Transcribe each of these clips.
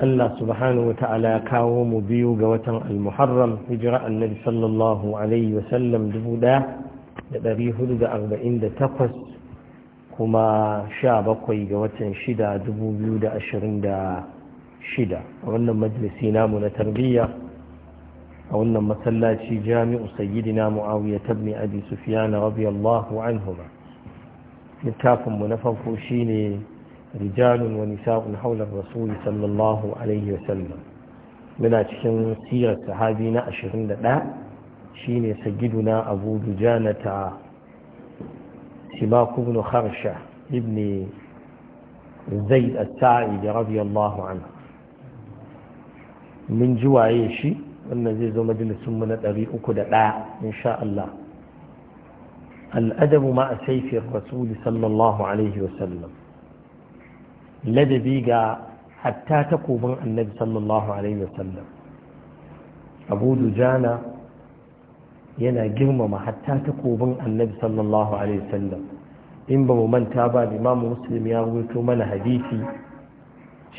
Allah subhanahu wa ta'ala kawo mu biyu ga watan al-muharram hijira annabi sallallahu alaihi wa sallam dubu da ɗari hudu da arba'in da takwas kuma sha bakwai ga watan shida dubu biyu da ashirin da shida a wannan majalisi namu na tarbiyya a wannan masallaci jami'u sayyidina mu'awiya tabni abi sufyan radiyallahu anhuma littafin mu na farko shine رجال ونساء حول الرسول صلى الله عليه وسلم من أجل سيرة صحابينا أشهرين لا شين سجدنا أبو دجانة سماك بن خرشة ابن زيد السائد رضي الله عنه من جوا يشي أن زيز مجلس من الأبي أكد لا إن شاء الله الأدب مع سيف الرسول صلى الله عليه وسلم ladabi ga hatta takobin annabi sallallahu alaihi wasallam abu dujana yana girmama hatta takobin annabi sallallahu alaihi wasallam in ba mu manta ba limamu muslim ya rubuto mana hadisi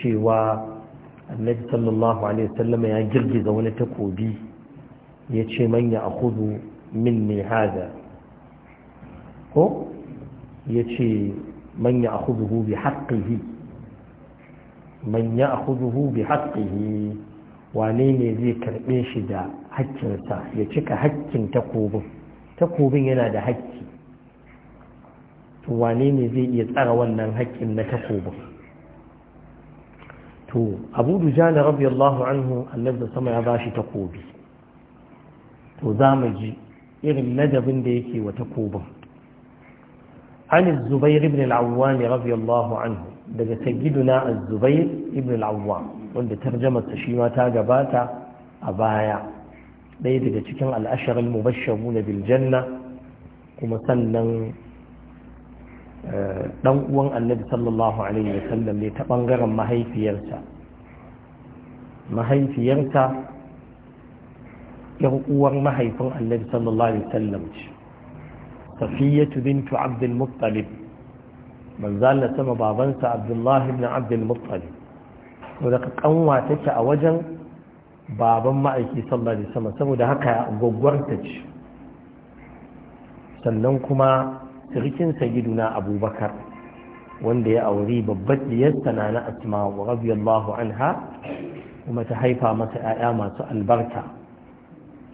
cewa annabi sallallahu alaihi wasallam ya girgiza wani takobi ya ce man ya akudu min ne haza ko ya ce man ya akudu bi haƙƙihi man ya akhudhu bi haqqihi wane ne zai karbe shi da haƙƙinsa ya cika haƙƙin takobin takobin yana da haƙƙi. to wane ne zai iya tsara wannan hakkin na takobin to abu dujana radiyallahu anhu annabi sama ya bashi takobi to za mu ji irin ladabin da yake wa takobin عن الزبير بن العوام رضي الله عنه daga sayyiduna az-zubair ibn al-awwam wanda tarjumar ta shi ma ta gabata a baya ɗaya daga cikin al-ashar al-mubashshirun bil kuma sannan dan uwan annabi sallallahu alaihi wasallam ne ta bangaren mahaifiyarsa mahaifiyarsa yan uwar mahaifin annabi sallallahu safiyatu bintu abdul muttalib manzo na sama babansa abdullahi ibn abdul muttalib to daga kanwa take a wajen baban ma'aiki sallallahu alaihi wasallam saboda haka gwaggwarta ce sannan kuma sirkin sayyiduna abubakar wanda ya auri babbar diyarsa na na asma'u radiyallahu anha kuma ta haifa masa 'ya'ya masu albarka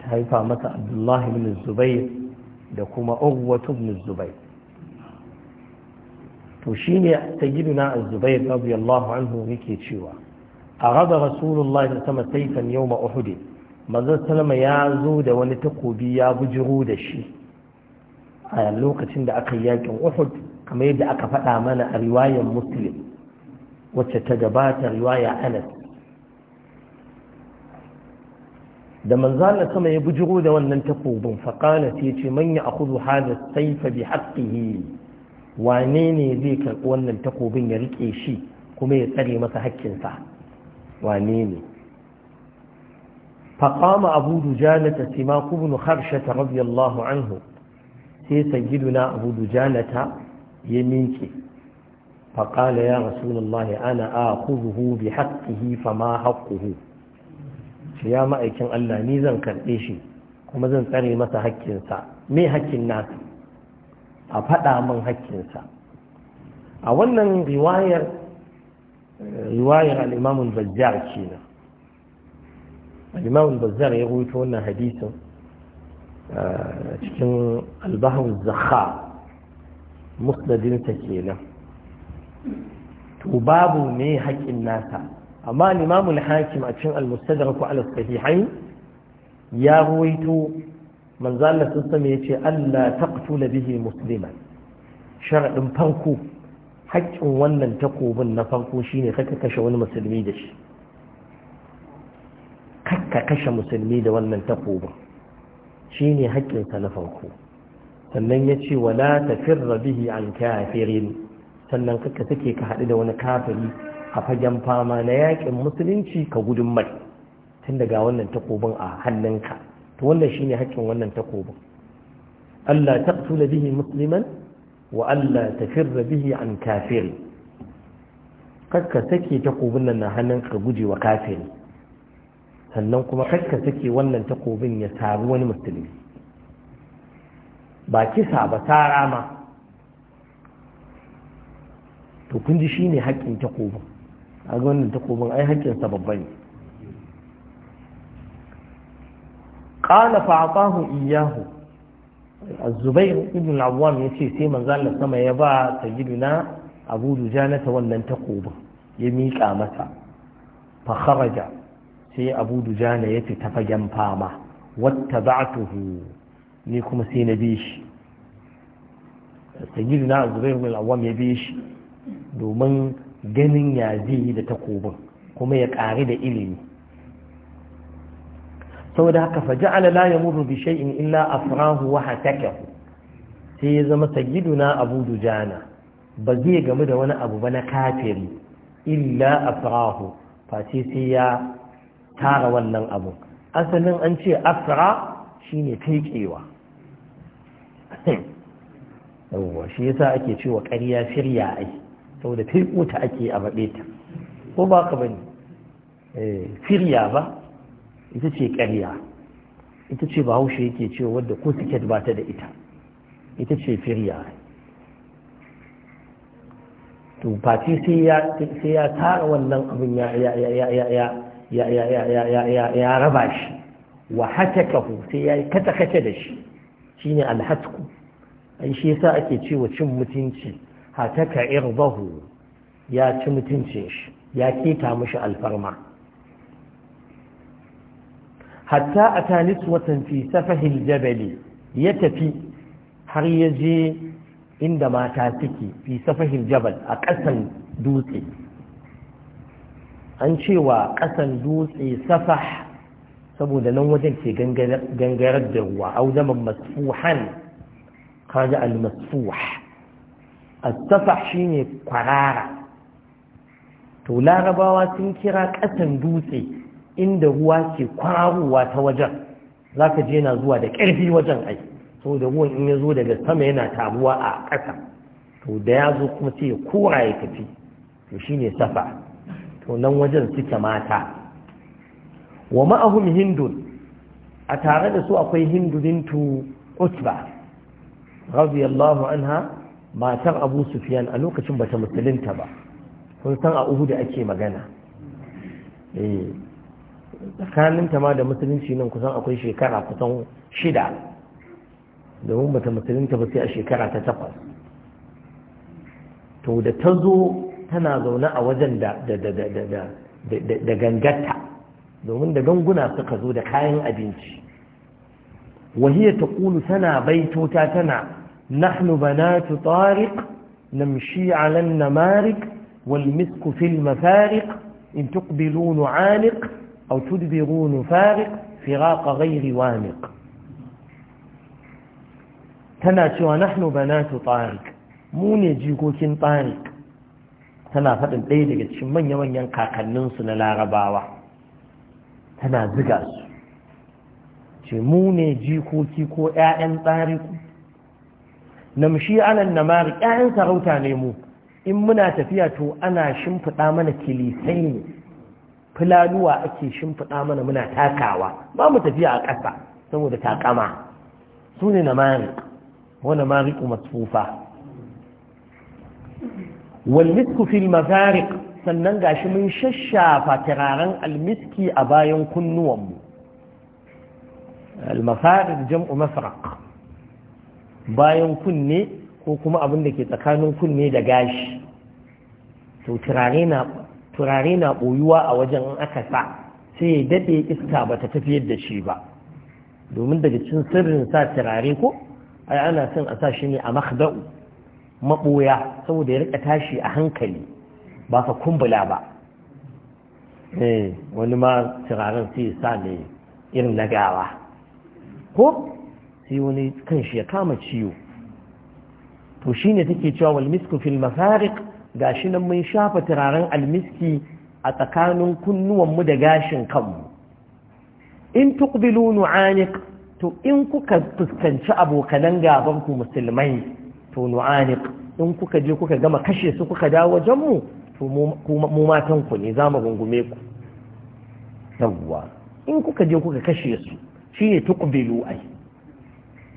ta haifa masa abdullahi Ibn zubair da kuma urwatu ibn zubair to shine sayyiduna az-zubair radiyallahu anhu yake cewa arada rasulullahi sallallahu alaihi wasallam sayfan yawma uhud manzon sallama ya zo da wani takobi ya bujiro da shi a lokacin da aka yi yakin uhud kamar yadda aka faɗa mana a riwayar muslim wacce ta gabata riwaya anas da manzana kama ya bujiro da wannan takobin faƙana ta ce man ya akudu hada saifa bi haƙƙihi wane ne zai karɓi wannan takobin ya riƙe shi kuma ya tsare masa haƙƙinsa wane ne abudu abu dujana ta sima kubnu harshe ta rabiyallahu anhu sai giduna abu dujana ta ya minke faƙala ya rasulullahi ana a akuzuhu bi haƙƙihi fa ma haƙƙuhu ya ma'aikin Allah ni zan karɓe shi kuma zan tsare masa hakkinsa me hakkin nasa a faɗa min hakkinsa a wannan riwayar riwayar al'imamun bazzar ce al'imamun bazzar ya rubuta wannan hadisin eh, cikin albahar zakha musnadinsa kenan to babu me haƙƙin nasa amma limamul hakim a cikin ku, ala sahihain ya ruwaito manzo Allah sun same yace Allah taqtula bihi musliman Sharaɗin farko haƙƙin wannan takobin na farko shine kaka kashe wani musulmi da shi kakka kashe musulmi da wannan takobin shine haƙƙinsa na farko sannan ya ce wala tafirra bihi an kafirin sannan kaka take ka haɗu da wani kafiri a fagen fama na yakin musulunci ka gudun mai tun daga wannan takobin a hannunka to wannan shine hakkin wannan takobin Allah taqtula bihi musliman wa Allah tafirra bihi an kafiri kakka take takobin nan na hannunka ka guje wa kafiri sannan kuma kakka take wannan takobin ya taru wani musulmi ba kisa ba tara ma to kun ji shine haƙƙin takobin a wannan takobin ai hakinsa babba ne ƙala fa'afahu iyahu azubair ibn al'awwam ya ce sai manzo Allah sama ya ba sayyiduna abu ta wannan takobin ya miƙa masa. fa kharaja sai abu dujana ya fita fagen fama wata ba'atuhu ni kuma sai na bi shi sayyiduna azubair ibn al'awwam ya bi shi domin ganin ya zai yi da takobin kuma ya ƙari da ilimi saboda haka faji alala ya mudu bi shay'in illa afrahu wa hatakahu sai ya zama na abu dujana ba zai gamu da wani abu ba na kafiri illa afrahu face sai ya tara wannan abu asalin an ce afra ne fekewa yawwa shi yasa ake cewa ƙarya shirya ai saboda fi ta ake a baɗe ta ko ba ka bane firya ba ita ce ƙarya ita ce ba bahaushe yake cewa wadda ko tiket ba ta da ita ita ce firya to face sai ya tara wannan abin ya raba shi wa kahu sai ya kata-kata da shi shine alhatku an shi yasa ake cewa cin mutunci fataka irbahu ya ci mutuncin shi ya keta mushi alfarma hatta a tanis watan fi jabali ya tafi har ya je inda mata suke fi safahil jabal a ƙasan dutse an cewa ƙasan dutse safah saboda nan wajen ke gangarar da ruwa auzaman masfuhan kaji al-masfuh attafah shine kwarara to larabawa sun kira ƙasan dutse inda ruwa ke kwararowa ta wajen za ka je na zuwa da ƙarfi wajen ai saboda ruwan in ya zo daga sama yana taruwa a ƙasa to da ya zo kuma sai ya kora ya tafi to shine safa to nan wajen suke mata wa ma'ahum hindun a tare da su akwai hindunintu utba radiyallahu anha matar abu sufiyan a lokacin bata musulunta ba sun san a da ake magana eh, tsakaninta ma da musulunci nan kusan akwai shekara kusan shida domin bata musulunta ba sai a shekara ta takwas to da ta zo tana zaune a wajen da da gangatta domin da ganguna suka zo da kayan abinci wahiyar ta kulu tana baitota tana نحن بنات طارق نمشي على النمارق والمسك في المفارق إن تقبلوا نعانق أو تدبروا نفارق فراق غير وامق تنا ونحن نحن بنات طارق مو نجيكوكين طارق تنا فتن قيدك شمان يوان ينقا كننسنا لا غباوة تنا زقاس شمو نجيكوكي كو اعن طارق namshi anan namari ƴaƴan sarauta ne mu in muna tafiya to ana shimfiɗa mana kilisai ne fulaluwa ake shimfiɗa mana muna takawa ba mu tafiya a ƙasa saboda takama su ne namari wani mariƙu masfufa walmisku fil mazarik sannan gashi mun shashafa turaren almiski a bayan kunnuwanmu المفارق جمع مفرق bayan kunne ko kuma abin da ke tsakanin kunne da gashi to turare na ɓoyuwa a wajen aka sa sai ya daɗe iska ba ta tafiyar da shi ba domin daga cikin sirrin sa turare ko ai ana son a sa shi ne a makhda'u maɓoya saboda ya rika tashi a hankali ba ka kumbula ba eh, wani ma turaren sai ya sa ne irin na gawa ko sai wani kanshi ya kama ciwo to shine take cewa wal misku fil mafariq gashi nan mun shafa turaren almiski a tsakanin kunnuwanmu da gashin kanmu in tuqbilu nu'anik to in kuka fuskanci abokanan gaban ku musulmai to nu'anik in kuka je kuka gama kashe su kuka dawo wajen mu to mu matan ku ne zamu gungume ku yawwa in kuka je kuka kashe su shine tuqbilu ai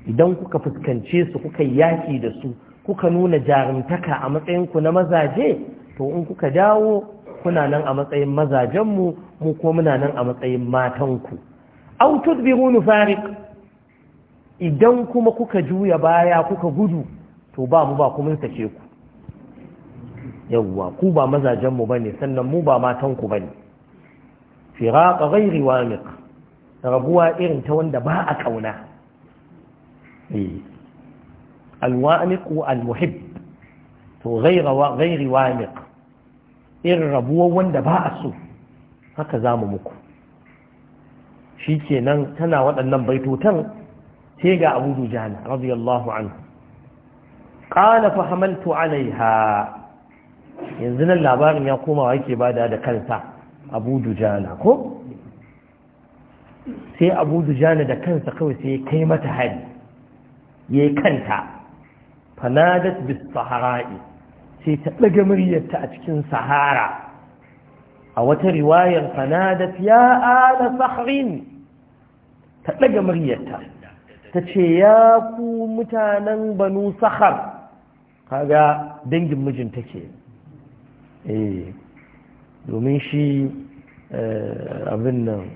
idan kuka fuskance su kuka yaki da su kuka nuna jarumtaka a matsayinku na mazaje to in kuka dawo kuna nan a matsayin mazajenmu mu ko muna nan a matsayin matanku aw tudbiru farik. idan kuma kuka juya baya kuka gudu to ba mu ba ku mun sake ku yawwa ku ba mazajenmu bane sannan mu ba matanku bane firaqa ghairi wamiq rabuwa irin ta wanda ba a ƙauna. alwaniq wa almuhib to gairi waniq irin rabuwa wanda ba so haka za mu muku shi kenan tana waɗannan baitotan sai ga abu dujana radiyallahu anhu qala fa hamaltu alaiha yanzu nan labarin ya komawa yake bada da kansa abu dujana ko sai abu dujana da kansa kawai sai kai mata hali yayi kanta fanadat bis sahara'i sai ta daga muryarta a cikin sahara a wata riwayar fanadat ya ala sahrin ta daga muryarta ta ce ya ku mutanen banu sahar kaga dangin mijin ke eh domin shi eh, abin nan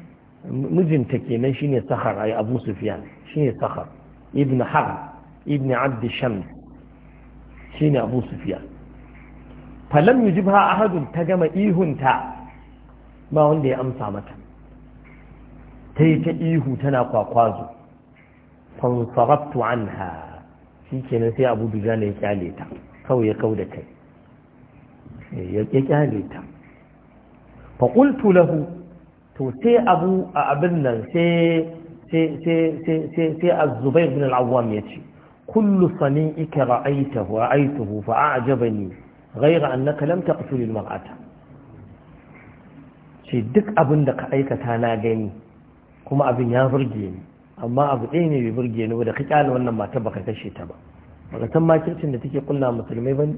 mijinta kenan shine sahar ai abu sufyan shine sahar ibn har ibn abd shams shine abu sufiya falam yujibha ahadun ta gama ihunta ba wanda ya amsa mata ta yi ta ihu tana kwakwazo fansaraftu anha shi kenan sai abu duja ne ya kyale ta kawai ya kau da kai eh, ya kyale ta faƙultu lahu to sai abu a abin nan sai sai azubair bin al'awwam ya ce kullu sani ika ra'aitahu ra'aitahu fa'ajabani ghaira annaka lam taqtulil mar'ata ce duk abin da ka aikata na gani kuma abin ya burge ni amma abu ɗaya ne bai burge ni da ka kyala wannan mata baka kashe ta ba baka san makircin da take kulla musulmai ba ne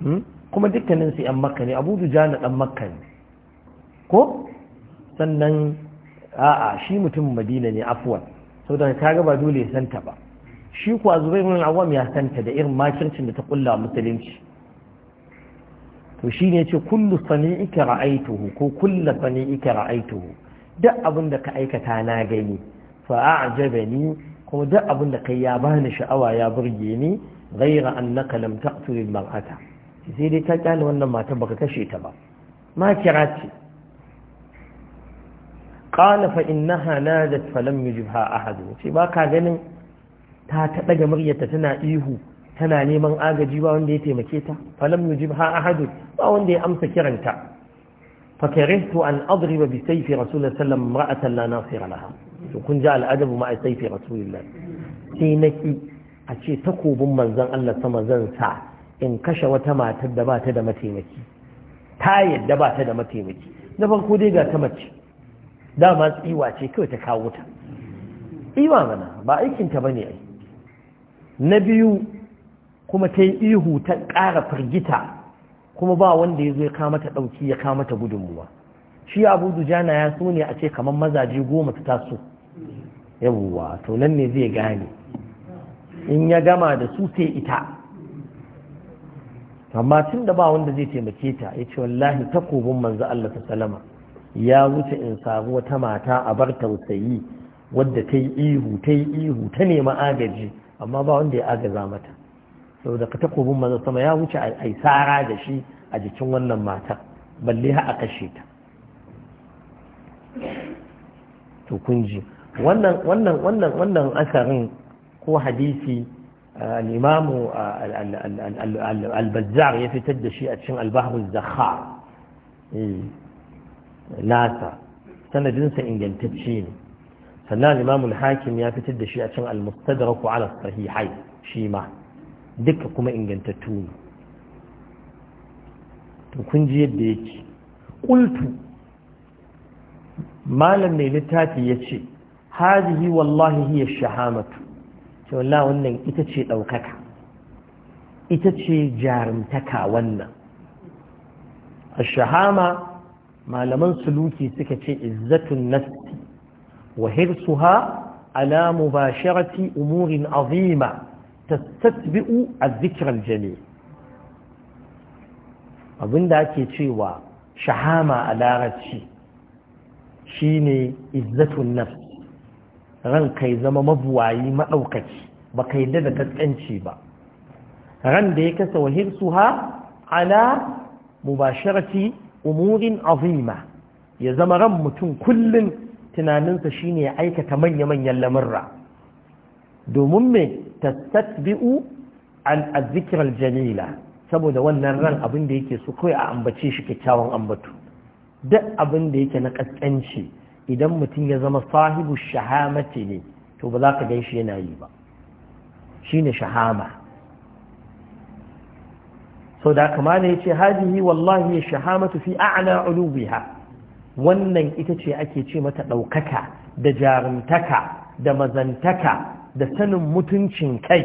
hmm? kuma dukkanin su yan makka ne abu dujana dan makka ne ko sannan a'a shi mutumin madina ne afwan saboda kaga ba dole ya santa ba shi kuwa zubai awam ya santa da irin makircin da ta kulla musulunci to shi ne ce kullu sani'ika ra'aituhu ko kullu sani'ika ra'aituhu duk abin da ka aikata na gani fa ni kuma duk abin da kai ya bani sha'awa ya burge ni ghaira annaka lam taqtul mar'ata sai dai ka kyale wannan mata baka kashe ta ba kira ce qala fa innaha nadat falam yujibha ahad ce ba ka ganin ta ta daga muryarta tana ihu tana neman agaji ba wanda ya taimake ta falam yujibha ahad ba wanda ya amsa kiranta fa karihtu an adriba bi sayfi rasulullah sallallahu alaihi wasallam ra'atan la nasira laha to kun ja al'adabu ma sayfi rasulullah sai naki a ce takobin manzon Allah sama zan sa in kashe wata matar da ba ta da mataimaki ta yadda ba ta da mataimaki na farko dai ga ta mace dama tsiwa ce kawai ta kawo ta Iwa mana ba aikinta ba ne ai na biyu kuma ta yi ihu ta ƙara firgita kuma ba wanda ya zo ya kama ta ɗauki ya kama ta gudunmuwa shi abu dujana ya so ne a ce kamar mazaje goma ta taso Yabuwa to nan ne zai gane in ya gama da su sai ita amma tun da ba wanda zai taimake ta ya ce wallahi takobin manzo Allah ta salama ya wuce in samu wata mata a bar tausayi wadda ta yi ihu ta yi ihu ta nema agaji amma ba wanda ya agaza mata saboda ka takobin maza sama ya wuce a tsara da shi a jikin wannan mata balle ha a kashe ta to kunji wannan wannan wannan wannan asarin ko hadisi al-imamu al-bazzar ya fitar da shi a cikin al-bahr az-zakhar eh. lasa sanadinsa ingantacce ne sannan imamul hakim ya fitar da shi a can al ala sahihai shi ma duka kuma ingantattu ne to kun ji yadda yake qultu malam mai littafi yace hajihi wallahi hiya shahamatu to wallahi wannan ita ce ɗaukaka ita ce jarumtaka wannan a shahama malaman suluki suka ce izzatun nafsi wa hirsuha ala mubasharati umurin azima tastatbi'u az-zikr al-jamil abinda ake cewa shahama a larabci shine izzatun nafsi ran kai zama mabuwayi maɗaukaci ba kai da da ba ran da ya kasa wahirsuha ala mubasharati umurin azima ya zama ran mutum kullum tunaninsa shine ya aikata manya-manyan lamurra domin me tasatbi'u an azzikiral jalila saboda wannan ran abin da yake so kawai a ambace shi kyakkyawan ambatu duk abin da yake na kaskanci idan mutum ya zama sahibu shahamati ne to ba za ka gan shi yana yi ba shine shahama sau da kama ne ya ce hadihi wallahi ya shahamatu fi a'la ulubiha wannan ita ce ake ce mata ɗaukaka da jarumtaka da mazantaka da sanin mutuncin kai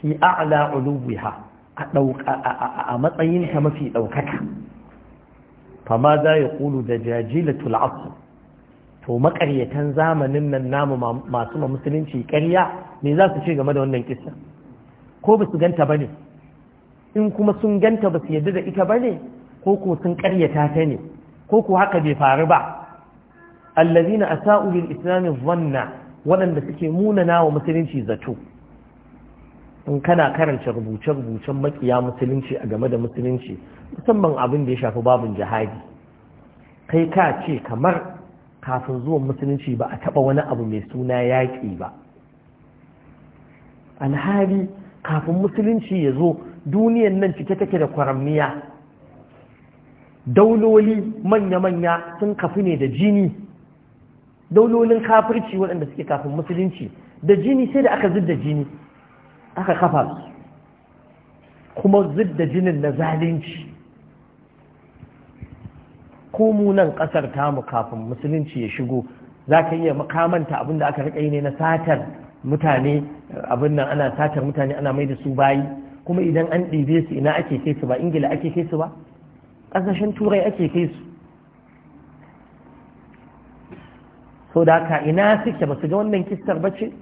fi a ulubiha a matsayinta mafi ɗaukaka fama za ya ƙulu da jajilatul asr to makaryatan zamanin nan namu masu musulunci ƙarya me za su ce game da wannan kisa ko ba su ganta ba ne in kuma sun ganta ba su yadda da ita ba ne ko ko sun karyata ta ne ko ko haka bai faru ba allazina asa'u lil islam dhanna waɗanda suke munana wa musulunci zato in kana karanta rubuce-rubucen makiya musulunci a game da musulunci musamman abin da ya shafi babin jihadi kai ka ce kamar kafin zuwan musulunci ba a taɓa wani abu mai suna yaƙi ba alhali kafin musulunci ya zo duniyan nan cike take da kwaramniya dauloli manya-manya sun kafi ne da jini daulolin kafirci waɗanda suke kafin musulunci da jini sai da aka zidda jini aka kafa kuma zidda jinin na zalunci komunan ƙasar tamu kafin musulunci ya shigo za ka iya makamanta abinda aka riƙa yi ne na satar mutane abin nan ana satar mutane ana mai da su bayi kuma idan an ɗebe su ina ake kai su ba ingila ake kai su ba ƙasashen turai ake kai su so da ka ina suke ba su ga wannan kistar ba ce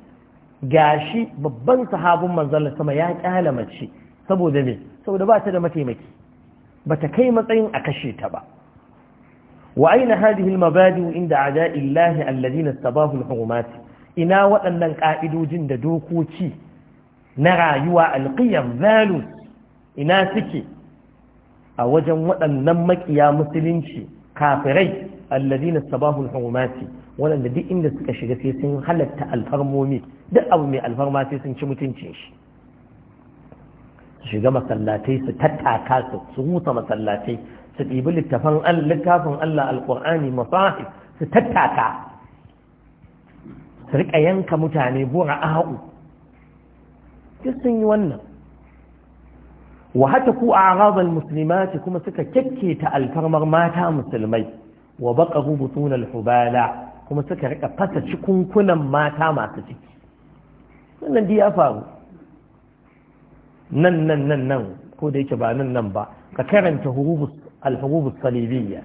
gashi babban sahabin manzon sama ya kyala mace saboda me saboda ba ta da mataimaki ba ta kai matsayin a kashe ta ba wa aina hadhihi mabadi inda a'da'illahi alladhina istabahu al-hurumat ina waɗannan ka'idojin da dokoki na rayuwa alƙiyar values ina suke a wajen waɗannan maƙiya musulunci kafirai alladina sabahul hurumati waɗanda duk inda suka shiga sai sun halatta alfarmomi duk abu mai alfarma sai sun ci mutuncin shi su shiga masallatai su tattaka su su huta masallatai su ɗibi littafan littafin Allah alƙur'ani masahib su tattaka su riƙa yanka mutane bura ahu duk sun yi wannan wa haka ku a arazal musulmati kuma suka kyakketa alfarmar mata musulmai wa baka rubutun alhubala kuma suka rika fasa cikunkunan mata masu ciki wannan ya faru nan nan nan nan ko da yake ba nan nan ba ka karanta alhurubus salibiyya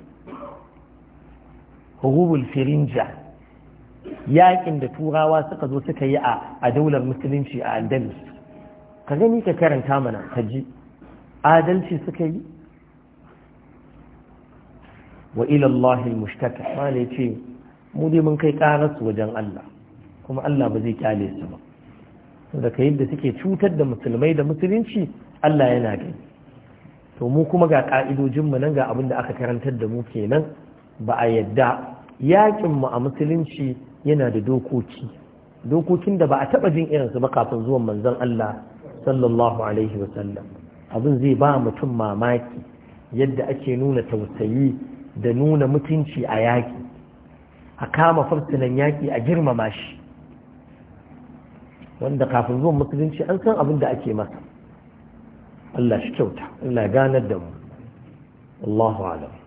hurubul firinja yakin da turawa suka zo suka yi a daular musulunci a andalus ka gani ka karanta mana ka ji adalci suka yi wa ilallahi mushtaka mala ce mu dai mun kai karasu wajen Allah kuma Allah ba zai kyale su ba da ka yadda suke cutar da musulmai da musulunci Allah yana gani to mu kuma ga ka'idojin mu nan ga abin da aka karantar da mu kenan ba a yadda yakin mu a musulunci yana da dokoki dokokin da ba a taba jin irinsu ba kafin zuwan manzon Allah sallallahu alaihi wasallam abin zai ba mutum mamaki yadda ake nuna tausayi da nuna mutunci a yaƙi a kama farsunan yaƙi a girmama shi wanda kafin zuwan musulunci an san abin da ake masa Allah shi kyauta Allah ganar da mu Allahu alam